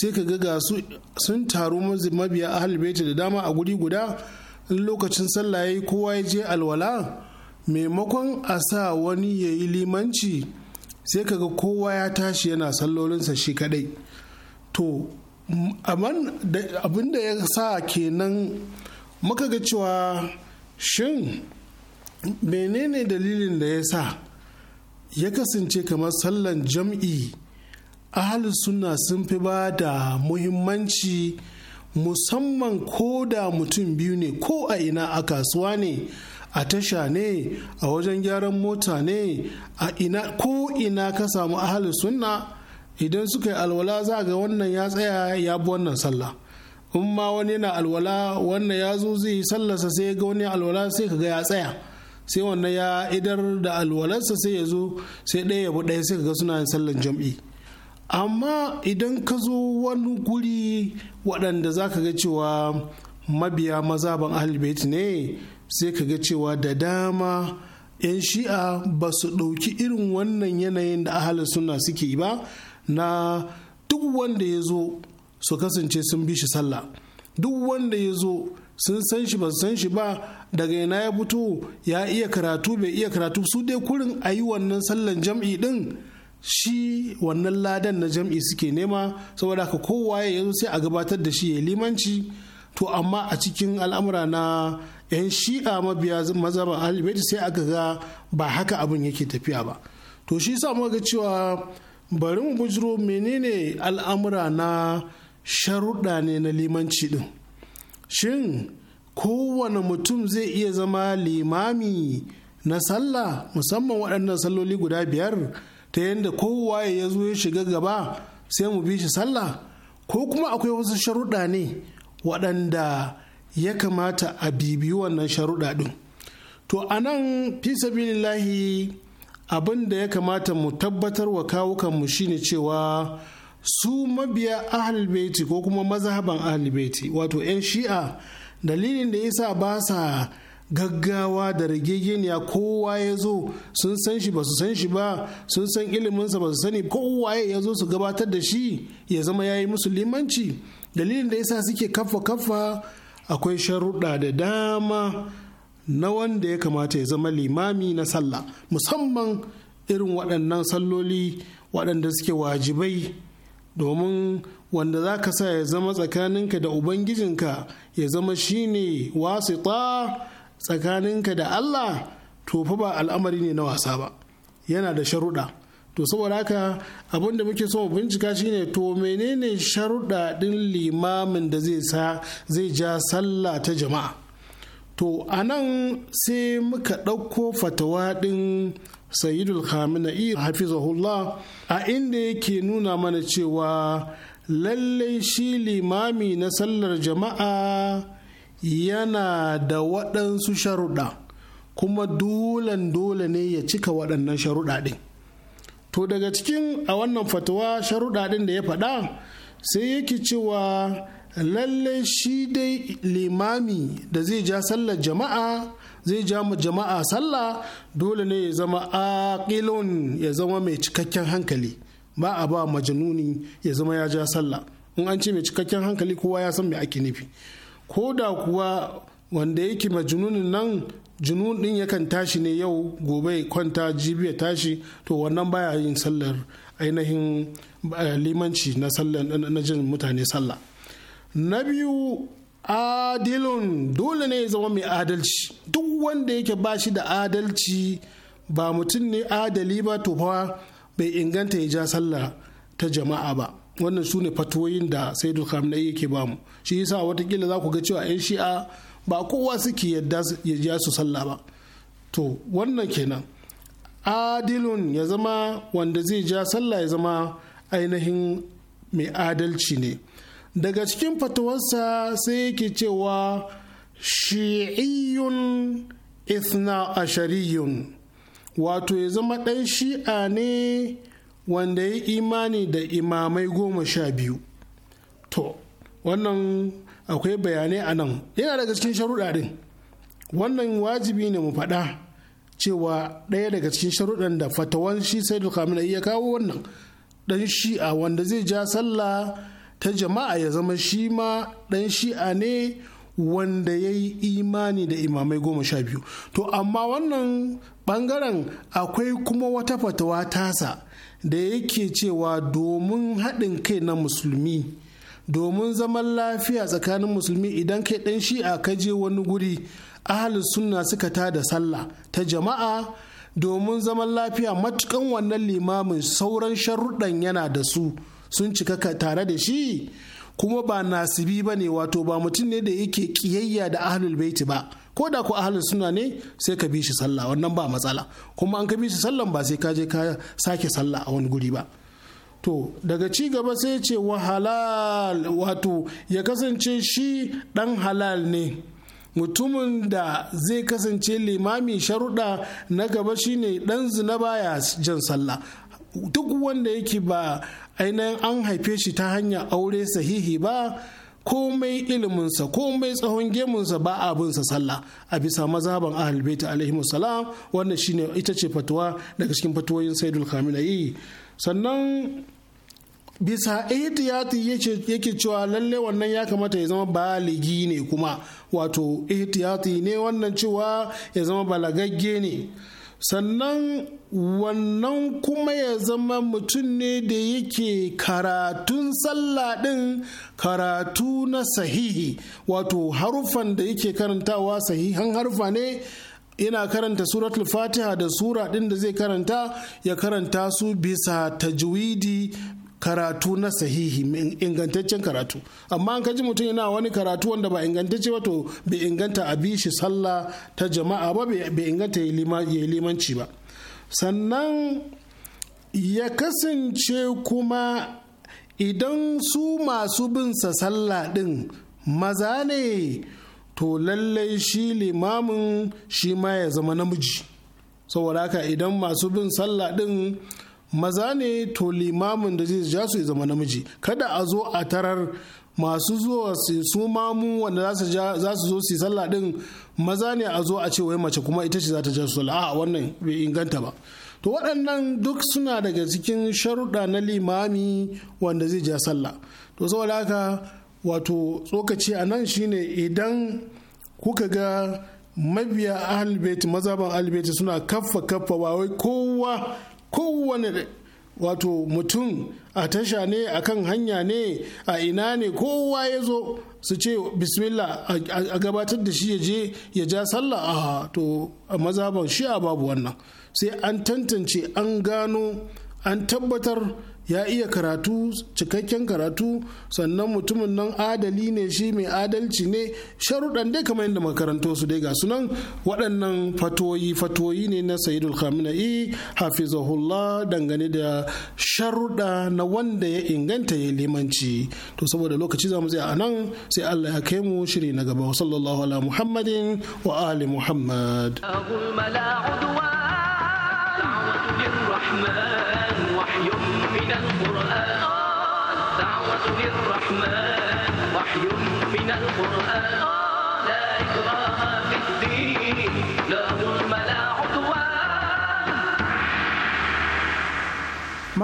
sai ka ga su sun taru mabiya a baiti da dama a guri guda in lokacin sallah yi kowa ya je alwala maimakon a sa wani ya yi limanci sai ka ga kowa ya tashi yana sallolinsa shi kadai to abin da ya sa kenan muka ga cewa shin menene dalilin da ya sa ya kasance kamar sallan jam'i ahalin sunna sun fi ba da muhimmanci musamman ko da mutum biyu ne ko a ina a kasuwa ne a tasha ne a wajen gyaran mota ne a ina ko ina ka samu ahalin sunna idan suka yi alwala za ga wannan ya tsaya ya bi wannan sallah in ma wani yana alwala wannan ya zo zai sallarsa sai ga wani alwala sai ka ga ya tsaya sai wannan ya idar da alwalarsa sai ya zo sai ɗaya ya bi ɗaya sai ka ga suna yin sallar jam'i amma idan ka zo wani guri waɗanda za ka ga cewa mabiya mazaban bait ne sai ka ga cewa da dama 'yan shi'a ba su ɗauki irin wannan yanayin da ahal suna suke ba na duk wanda ya zo su kasance sun bi shi sallah duk wanda ya zo sun san shi ba san shi ba daga yana ya fito ya iya karatu bai iya karatu su dai kurin a yi wannan sallan jam'i din shi wannan ladan na jam'i suke nema saboda haka kowa ya zo sai a gabatar da shi ya limanci to amma a cikin al'amura na 'yan shi'a mabiya mazhaban alibaiti sai aka ga ba haka abin yake tafiya ba to shi sa muka cewa bari mu bujiro menene al'amura na sharuɗa ne na limanci ɗin shin kowane mutum zai iya zama limami na sallah musamman waɗannan salloli guda biyar ta yadda kowa ya zo ya shiga gaba sai mu bi shi sallah ko kuma akwai wasu sharuɗa ne waɗanda ya kamata a bibiyu wannan sharuɗa ɗin to a nan fi sabilillahi abin da ya kamata mu tabbatar wa kawukanmu shine cewa su mabiya ahal ko kuma mazhaban ahal wato 'yan shi'a dalilin da yasa ba sa gaggawa da ragegeniya kowa ya zo sun san shi ba su san shi ba sun san iliminsa ba su sani kowa ya zo su gabatar da shi ya zama ya yi musu limanci dalilin da yasa suke kafa kafa akwai sharuɗa da dama na wanda ya kamata ya zama limami na sallah musamman irin waɗannan salloli waɗanda suke wajibai domin wanda za ka sa ya zama tsakaninka da ubangijinka ya zama shine wasita tsakaninka da Allah to fa ba al'amari ne na wasa ba yana da sharuɗa to saboda haka abin da muke so mu bincika shine to menene sharuɗa ɗin limamin da zai sa zai ja sallah ta jama'a to a nan sai muka ɗauko fatawa ɗin sayyidul khamenei hafizahullah a inda yake nuna mana cewa lallai shi limami na sallar jama'a yana da waɗansu sharuɗa kuma dolan dole ne ya cika waɗannan sharuɗa ɗin to daga cikin a wannan fatawa sharuɗa ɗin da ya faɗa sai yake cewa lalle shi dai limami da zai ja sallar jama'a zai ja mu jama'a sallah dole ne ya zama aqilun ya zama mai cikakken hankali ba a ba majanuni ya zama ya ja sallah in an ce mai cikakken hankali kowa ya san me ake nufi ko da kuwa wanda yake majununin nan junun din yakan tashi ne yau gobe kwanta jibi ya tashi to wannan baya yin sallar ainihin eh, limanci na sallar na jin mutane sallah na biyu adilun dole ne ya zama mai adalci duk wanda yake ba shi da adalci ba mutum ne adali ba to fa bai inganta ya ja sallah ta jama'a ba wannan su ne fatoyin da sai saidul khamenei yake bamu shi yasa watakila za ku ga cewa 'yan shi'a ba kowa suke yadda ya ji su sallah ba to wannan kenan adilun ya zama wanda zai ja sallah ya zama ainihin mai adalci ne daga cikin fatuwarsa sai yake cewa shi'iyun ithna ashariyun wato ya zama ɗan shi'a ne wanda ya imani da imamai goma sha biyu to wannan akwai bayanai a nan yana daga cikin sharuɗa ɗin wannan wajibi ne mu faɗa cewa ɗaya daga cikin sharuɗan da fatawan shi sai iya kawo wannan ɗan shi'a wanda zai ja sallah ta jama'a ya zama shi ma ɗan shi'a ne wanda ya yi imani da imamai goma sha biyu to amma wannan ɓangaren akwai kuma wata fatawa tasa da yake cewa domin haɗin kai na musulmi domin zaman lafiya tsakanin musulmi idan kai ɗan shi'a ka je wani guri ahalin sunna suka ta da sallah ta jama'a domin zaman lafiya matukan wannan limamin sauran sharuɗan yana da su sun cika tare da shi kuma ba nasibi ba ne wato ba mutum ne da yake ƙiyayya da ahlul baiti ba ko da ku ahalin suna ne sai ka bi shi sallah wannan ba matsala kuma an ka bi shi sallan ba sai ka je ka sake sallah a wani guri ba to daga ci gaba sai ce wa halal wato ya kasance shi dan halal ne mutumin da zai kasance limami sharuɗa na gaba shine dan zina baya jan sallah duk wanda yake ba ainihin an haife shi ta hanyar aure sahihi ba komai iliminsa komai tsawon gemunsa ba a binsa sallah a bisa mazhaban ahlul bait alaihi salam wannan shine ita ce fatuwa daga cikin fatuwoyin saidul khamenei sannan bisa ihtiyati yake cewa lalle wannan ya kamata ya zama baligi ne kuma wato ihtiyati ne wannan cewa ya zama balagagge ne sannan wannan kuma ya zama mutum ne da yake karatun sallah ɗin karatu na sahihi wato harufan da yake karantawa sahihan harufa ne yana karanta suratul fatiha da sura ɗin da zai karanta ya karanta su bisa tajwidi karatu na sahihi ingantaccen karatu amma an kaji mutum yana wani karatu wanda ba ingantacce wato bai inganta a bishi sallah ta jama'a ba bai inganta ya limanci ba sannan ya kasance kuma idan su masu binsa sallah ɗin maza ne to lallai shi limamin shi ma ya zama namiji saboda haka idan masu bin sallah ɗin maza ne to limamin da zai ja su ya zama namiji kada a zo a tarar masu zuwa su mamu wanda za su zo su sallah din maza ne a zo a ce wai mace kuma ita ce za ta je su sallah a wannan bai inganta ba to waɗannan duk suna daga cikin sharuɗa na limami wanda zai ja sallah to saboda haka wato tsokaci a nan shine idan kuka ga mabiya ahalbeti mazaban ahalbeti suna kaffa kaffa ba wai kowa kowane wato mutum a tasha ne a kan hanya ne a ina ne kowa ya zo su ce bismillah a gabatar da shi ya je ya ja sallah a to a mazhaban shi'a babu wannan sai an tantance an gano an tabbatar ya iya karatu cikakken karatu sannan mutumin nan adali ne shi mai adalci ne sharuɗan dai kamar yadda makaranto su dai ga sunan waɗannan fatoyi fatoyi ne na sayidul khamenei hafizahullah dangane da sharuɗa na wanda ya inganta ya limanci to saboda lokaci za mu tsaya a nan sai allah ya kai mu shiri na gaba sallallahu ala muhammadin wa ali muhammad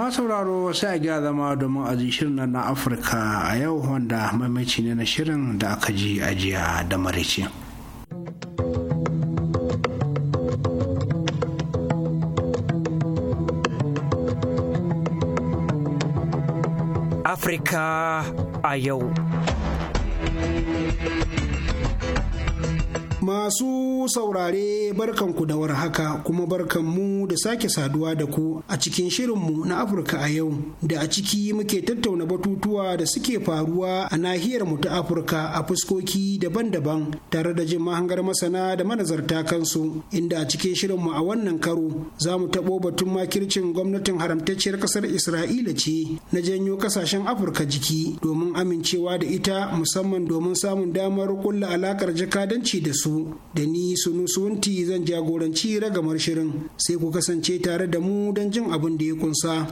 ma sauraro sai a gyara zama domin aji shirin na afirka a yau wanda maimaci ne na shirin da aka ji ajiya da marici
afirka a yau Masu
saurare barkanku da warhaka kuma barkanmu da sake saduwa da ku a cikin shirinmu na Afirka a yau da a ciki muke tattauna batutuwa da suke faruwa a nahiyar mu ta Afirka a fuskoki daban-daban tare da jin mahangar masana da manazarta kansu inda a cikin shirinmu a wannan karo za mu taɓo batun makircin gwamnatin haramtacciyar ƙasar Isra'ila ce na janyo ƙasashen Afirka jiki domin amincewa da ita musamman domin samun damar kulla alaƙar jakadanci da su su da ni sunu suwanti zan jagoranci ragamar shirin sai ku kasance tare da mu don jin abin da ya kunsa.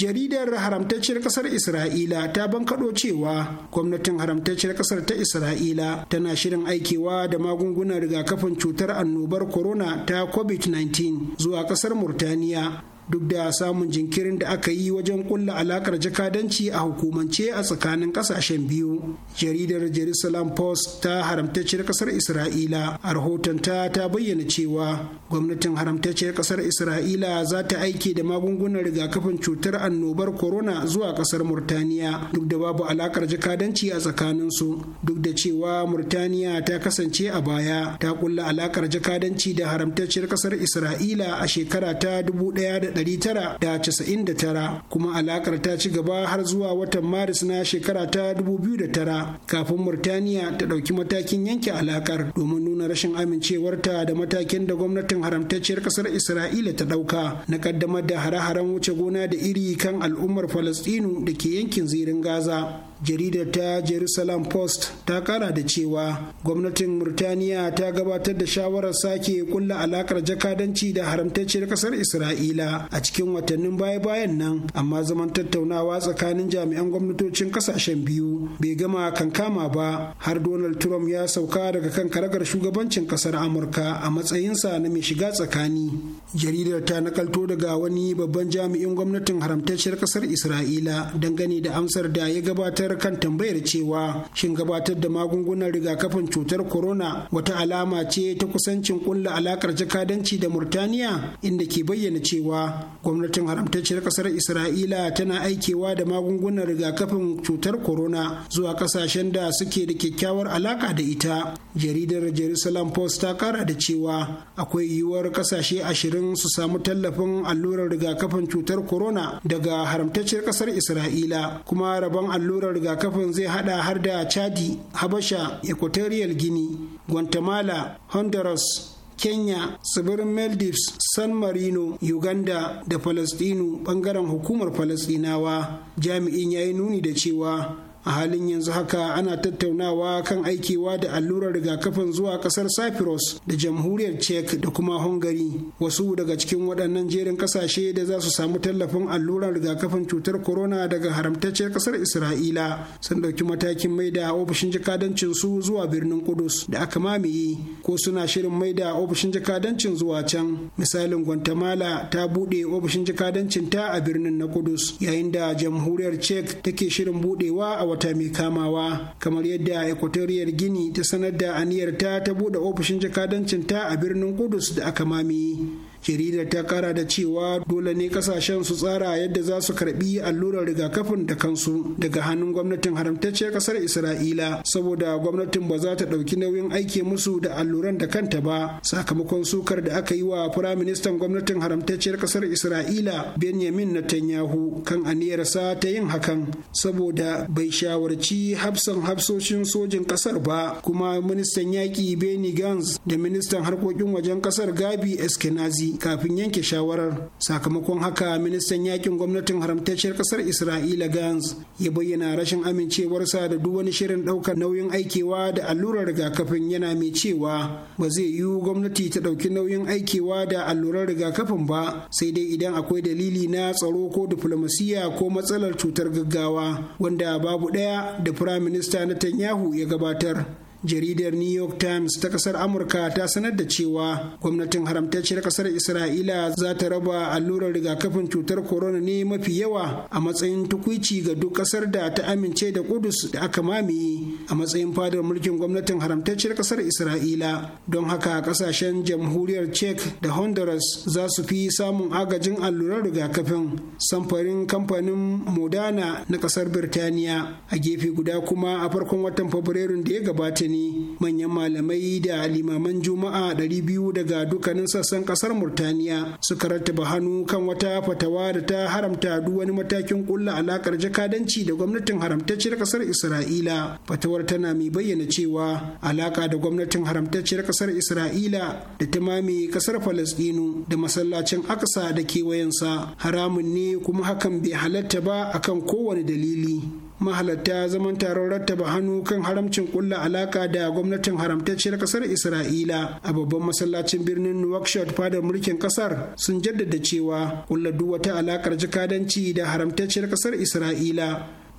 jaridar haramtacciyar kasar isra'ila ta bankaɗo cewa gwamnatin haramtacciyar kasar ta isra'ila tana shirin aikewa da magungunan rigakafin cutar annobar corona ta covid-19 zuwa kasar murtaniya duk da samun jinkirin da aka yi wajen kulla alakar jakadanci a hukumance a tsakanin kasashen biyu jaridar jerusalem post ta haramtacciyar kasar isra'ila a rahotonta ta bayyana cewa gwamnatin haramtacciyar kasar isra'ila za ta aiki da magungunan rigakafin cutar annobar corona zuwa kasar murtaniya duk da babu alakar jakadanci a tsakanin su. duk da cewa murtaniya ta kasance a baya ta kulla alakar jakadanci da haramtacciyar kasar isra'ila a shekara ta dubu 1900 1999 kuma alakar ta ci gaba har zuwa watan maris na shekara ta 2009 kafin murtaniya ta ɗauki matakin yanke alakar domin nuna rashin amincewarta da matakin da gwamnatin haramtacciyar ƙasar isra'ila ta ɗauka na ƙaddamar da hare-haren wuce gona da iri kan al'ummar falastinu da ke yankin zirin gaza jaridar ta jerusalem post ta kara da cewa gwamnatin murtaniya ta gabatar da shawarar sake kulla alakar jakadanci da haramtacciyar kasar isra'ila a cikin watannin baya-bayan nan amma zaman tattaunawa tsakanin jami'an gwamnatocin kasashen biyu bai gama kankama ba har donald trump ya sauka daga kan karagar shugabancin kasar amurka a matsayinsa na mai shiga tsakani jaridar ta nakalto daga wani babban jami'in gwamnatin haramtacciyar kasar isra'ila dangane da amsar da ya gabatar matsayar kan tambayar cewa shin gabatar da magungunan rigakafin cutar corona wata alama ce ta kusancin kulla alakar jakadanci da murtaniya inda ke bayyana cewa gwamnatin haramtacciyar kasar isra'ila tana aikewa da magungunan rigakafin cutar corona zuwa kasashen da suke da kyakkyawar alaka da ita jaridar jerusalem post ta kara da cewa akwai yiwuwar kasashe ashirin su samu tallafin allurar rigakafin cutar corona daga haramtacciyar kasar isra'ila kuma rabon allurar rigakafin zai hada har da chadi habasha equatorial guinea guatemala honduras Kenya, tsibirin Maldives, San Marino, Uganda da palestino bangaren hukumar Falastinawa. Jami'in ya yi nuni da cewa a halin yanzu haka ana tattaunawa kan aikewa da allurar rigakafin zuwa kasar cyprus da jamhuriyar czech da kuma hungary wasu daga cikin waɗannan jerin ƙasashe da za su samu tallafin allurar rigakafin cutar corona daga haramtacciyar ƙasar isra'ila sun ɗauki matakin maida ofishin jakadancin su zuwa birnin kudus da aka mamaye ko suna shirin maida ofishin jakadancin zuwa can misalin guatemala ta buɗe ofishin jakadancin ta a birnin na kudus yayin da jamhuriyar czech take shirin buɗewa a wata mai kamawa kamar yadda ekwatoriyar gini ta sanar da aniyarta ta buɗe ofishin jakadancin a birnin kudus da aka mamaye jaridar ta kara da cewa dole ne kasashen su tsara yadda za su karbi allurar rigakafin da kansu daga hannun gwamnatin haramtacciyar kasar isra'ila saboda gwamnatin ba za ta ɗauki nauyin aiki musu da alluran da kanta ba sakamakon sukar da aka yi wa firaministan gwamnatin haramtacciyar kasar isra'ila benjamin netanyahu kan aniyarsa ta yin hakan saboda bai shawarci hafsan hafsoshin sojin kasar ba kuma ministan yaƙi benny gans da ministan harkokin wajen kasar gabi eskenazi kafin yanke shawarar sakamakon haka ministan yakin gwamnatin haramtacciyar kasar isra'ila gans ya bayyana rashin amincewarsa da duk wani shirin ɗaukar nauyin aikewa da allurar rigakafin yana mai cewa ba zai yiwu gwamnati ta ɗauki nauyin aikewa da allurar rigakafin ba sai dai idan akwai dalili na tsaro ko diflomasiya ko matsalar cutar gaggawa wanda babu ɗaya da firaminista Netanyahu ya gabatar jaridar new york times ta kasar amurka ta sanar da cewa gwamnatin haramtacciyar kasar isra'ila za ta raba allurar rigakafin cutar corona ne mafi yawa a matsayin tukuici ga duk kasar da ta amince da kudus da aka mamaye a matsayin fadar mulkin gwamnatin haramtacciyar kasar isra'ila don haka kasashen jamhuriyar czech da honduras za su fi samun agajin allurar rigakafin samfarin kamfanin modana na kasar birtaniya a gefe guda kuma a farkon watan fabrairun da ya gabata gani manyan malamai da limaman juma'a ɗari biyu daga dukkanin sassan kasar murtaniya suka rattaba hannu kan wata fatawa da ta haramta duk wani matakin kulla alakar jakadanci da gwamnatin haramtacciyar ƙasar isra'ila fatawar tana mai bayyana cewa alaka da gwamnatin haramtacciyar ƙasar isra'ila da ta mame ƙasar falastinu da masallacin aksa da kewayensa haramun ne kuma hakan bai halatta ba akan kowane dalili mahalarta zaman taron rattaba hannu kan haramcin kulla alaka da gwamnatin haramtacciyar kasar isra'ila a babban masallacin birnin nuwakshot fadar mulkin kasar sun jaddada cewa kulla duk wata alakar jakadanci da haramtacciyar kasar isra'ila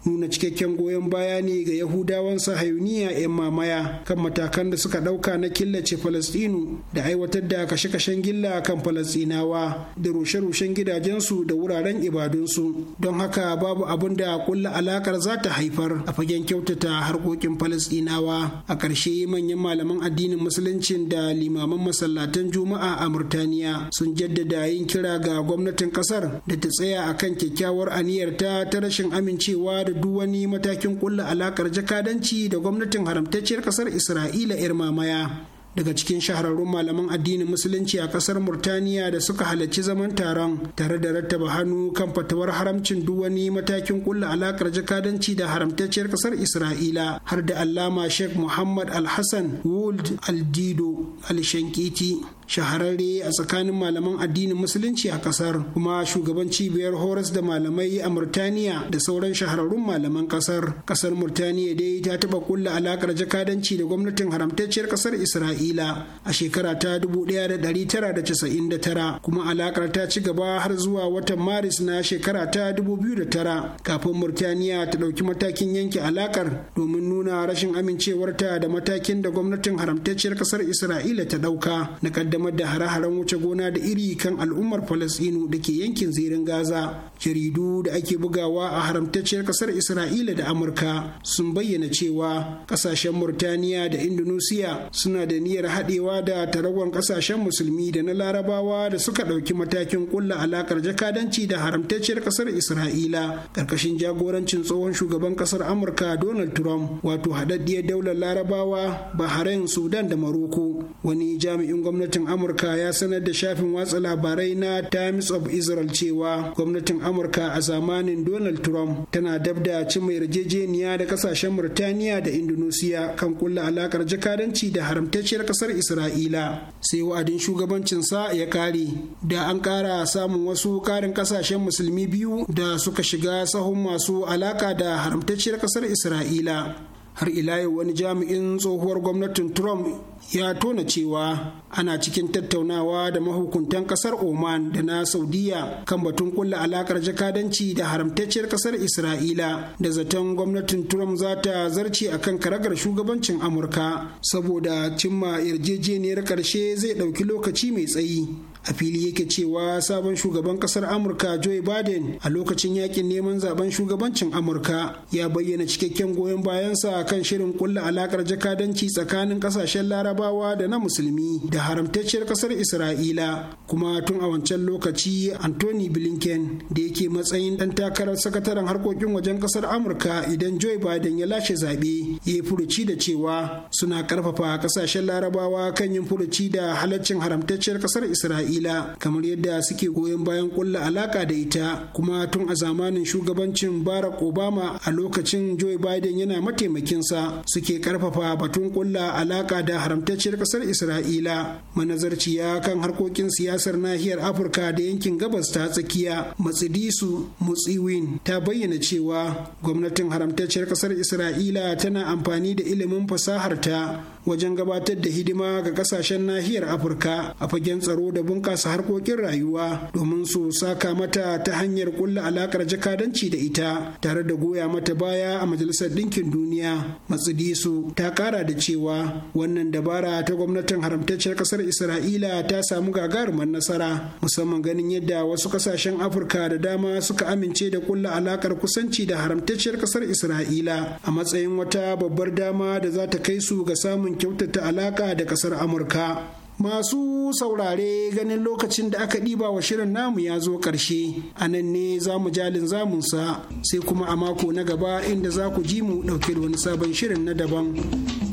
nuna cikakken goyon baya ne ga yahudawan sahayuniya 'yan mamaya kan matakan da suka ɗauka na killace falastinu da aiwatar da kashe-kashen gilla kan falastinawa da rushe-rushen gidajensu da wuraren ibadunsu don haka babu abin da kulla alakar za ta haifar a fagen kyautata harkokin falastinawa a ƙarshe manyan malaman addinin musuluncin da limaman masallatan juma'a a murtaniya sun jaddada yin kira ga gwamnatin ƙasar da ta tsaya akan kyakkyawar aniyarta ta rashin amincewa da da duk wani matakin kulla alakar jakadanci da gwamnatin haramtacciyar kasar isra'ila yar mamaya daga cikin shahararrun malaman addinin musulunci a kasar murtaniya da suka halarci zaman taron tare da rattaba hannu kan fatawar haramcin duk wani matakin kulla alakar jakadanci da haramtacciyar kasar isra'ila har da allama sheikh muhammad al-hassan wold aldido al-shankiti shahararre a tsakanin malaman addinin musulunci a kasar kuma shugaban cibiyar horas da malamai a murtaniya da sauran shahararrun malaman kasar kasar murtaniya dai ta taba kulla alakar jakadanci da gwamnatin haramtacciyar kasar isra'ila a shekara ta 1999 kuma alakar ta ci gaba har zuwa watan maris na shekara ta 2009 kafin murtaniya ta ɗauki matakin yanke alakar domin nuna rashin amincewarta da matakin da gwamnatin haramtacciyar kasar isra'ila ta ɗauka na kaddamar da hare-haren wuce gona da iri kan al'ummar falasɗinu da ke yankin zirin gaza jaridu da ake bugawa a haramtacciyar kasar isra'ila da amurka sun bayyana cewa kasashen murtaniya da indonesia suna da niyyar haɗewa da taragon kasashen musulmi da na larabawa da suka ɗauki matakin ƙulla alakar jakadanci da haramtacciyar kasar isra'ila ƙarƙashin jagorancin tsohon shugaban kasar amurka donald trump wato haɗaɗɗiyar daular larabawa bahrain sudan da maroko wani jami'in gwamnatin gwamnatin amurka ya sanar da shafin watsa labarai na times of israel cewa gwamnatin amurka a zamanin donald trump tana dab da cimma yarjejeniya da kasashen murtaniya da indonesia kan kulla alakar jakadanci da haramtacciyar kasar isra'ila sai wa'adin shugabancinsa ya kare da an kara samun wasu karin kasashen musulmi biyu da suka shiga sahun masu alaka da haramtacciyar kasar isra'ila har ila yau wani jami'in tsohuwar gwamnatin trump ya tona cewa ana cikin tattaunawa da mahukuntan kasar oman da na saudiya kan batun kulla alakar jakadanci da haramtacciyar kasar isra'ila da zaton gwamnatin trump za ta zarce a kan karagar shugabancin amurka saboda cimma yarjejeniyar karshe zai ɗauki lokaci mai tsayi a fili yake cewa sabon shugaban kasar amurka joe biden a lokacin yakin neman zaben shugabancin amurka ya bayyana cikakken goyon bayansa kan shirin kulla alakar jakadanci tsakanin kasashen larabawa da na musulmi da haramtacciyar kasar isra'ila kuma tun a wancan lokaci anthony blinken da yake matsayin dan takarar sakataren harkokin wajen kasar amurka idan joe biden ya lashe zaɓe ya yi furuci da cewa suna ƙarfafa kasashen larabawa kan yin furuci da halaccin haramtacciyar kasar isra'ila isra'ila kamar yadda suke goyon bayan kulla alaka da ita kuma tun a zamanin shugabancin barack obama a lokacin joe biden yana mataimakin sa, suke karfafa batun kulla alaka da haramtacciyar kasar isra'ila manazarciya kan harkokin siyasar nahiyar afirka da yankin gabas ta tsakiya matsidisu mutsiwin ta bayyana cewa gwamnatin haramtacciyar kasar isra'ila tana amfani da ilimin fasaharta wajen gabatar da hidima ga kasashen nahiyar afirka a fagen tsaro da bunƙasa harkokin rayuwa domin su saka mata ta hanyar kulla alakar jakadanci da ita tare da goya mata baya a majalisar ɗinkin duniya matsidisu ta ƙara da cewa wannan dabara ta gwamnatin haramtacciyar ƙasar isra'ila ta samu gagarumar nasara musamman ganin yadda wasu ƙasashen afirka da dama suka amince da kulla alakar kusanci da haramtacciyar ƙasar isra'ila a matsayin wata babbar dama da za ta kai su ga samun burin kyautata alaka da kasar amurka masu saurare ganin lokacin da aka ɗiba wa shirin namu ya zo ƙarshe a nan ne za mu jalin zamunsa sai kuma a mako na gaba inda za ku ji mu ɗauke da wani sabon shirin na daban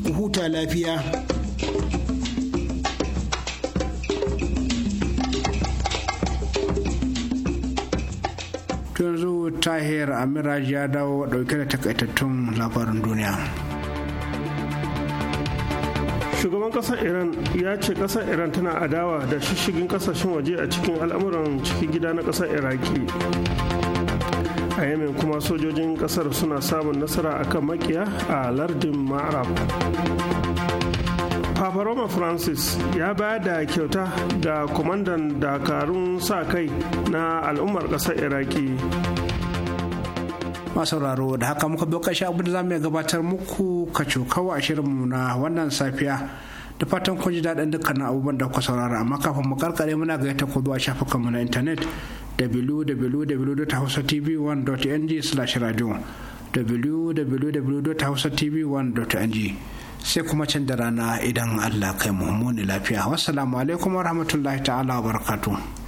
ku huta lafiya
yanzu tahir amira ya dawo ɗauke da takaitattun labarin duniya
shugaban kasar iran ya ce kasar iran tana adawa da shishigin kasashen waje a cikin al'amuran ciki gida na kasar iraki a yamin kuma sojojin kasar suna samun nasara akan makiya a lardin ma'arab Papa Roma Francis ya bayar da kyauta ga kwamandan dakarun sa kai na al'ummar ƙasar Iraki sauraro da haka muka
bi ƙarshe abin da za mu gabatar muku cokawa a shirinmu na wannan safiya da fatan kun ji daɗin dukkanin abubuwan da kuka saurara amma kafin mu karkare muna ga ta ku zuwa shafukanmu na intanet www.hausatv1.ng/radio www.hausatv1.ng sai kuma can da rana idan Allah kai mu lafiya wassalamu alaikum warahmatullahi ta'ala wa barakatuh